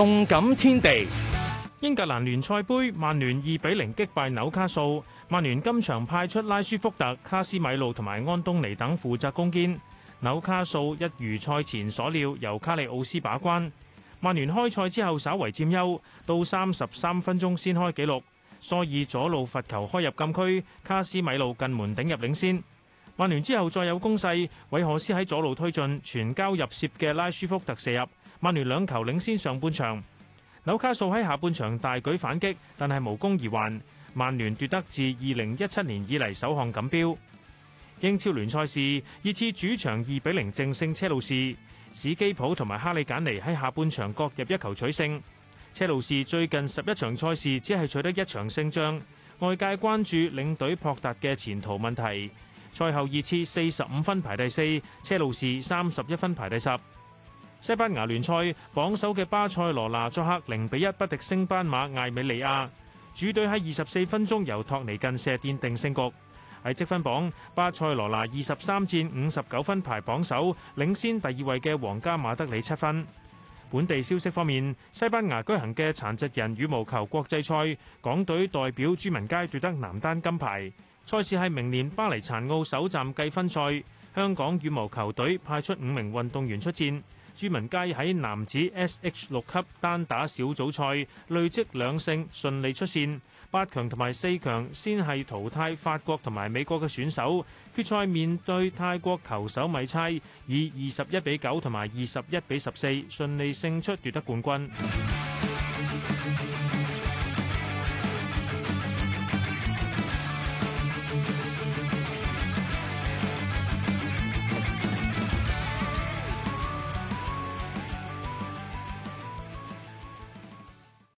動感天地，英格蘭聯賽盃，曼聯二比零擊敗紐卡素。曼聯今場派出拉舒福特、卡斯米魯同埋安東尼等負責攻堅。紐卡素一如賽前所料，由卡利奧斯把關。曼聯開賽之後稍為佔優，到三十三分鐘先開紀錄，所以左路罰球開入禁區，卡斯米魯近門頂入領先。曼聯之後再有攻勢，韋可斯喺左路推進，傳交入楔嘅拉舒福特射入。曼聯兩球領先上半場，紐卡素喺下半場大舉反擊，但係無功而還。曼聯奪得自二零一七年以嚟首項錦標。英超聯賽事，熱刺主場二比零淨勝車路士，史基普同埋哈利簡尼喺下半場各入一球取勝。車路士最近十一場賽事只係取得一場勝仗，外界關注領隊朴達嘅前途問題。賽後熱刺四十五分排第四，車路士三十一分排第十。西班牙聯賽榜首嘅巴塞羅那作客零比一不敵升班馬艾美利亞，主隊喺二十四分鐘由托尼近射奠定勝局。喺積分榜，巴塞羅那二十三戰五十九分排榜首，領先第二位嘅皇家馬德里七分。本地消息方面，西班牙舉行嘅殘疾人羽毛球國際賽，港隊代表朱文佳奪得男單金牌。賽事係明年巴黎殘奧首站計分賽，香港羽毛球隊派出五名運動員出戰。朱文佳喺男子 SH 六級單打小組賽累積兩勝，順利出線八強同埋四強，先係淘汰法國同埋美國嘅選手，決賽面對泰國球手米猜，以二十一比九同埋二十一比十四，順利勝出奪得冠軍。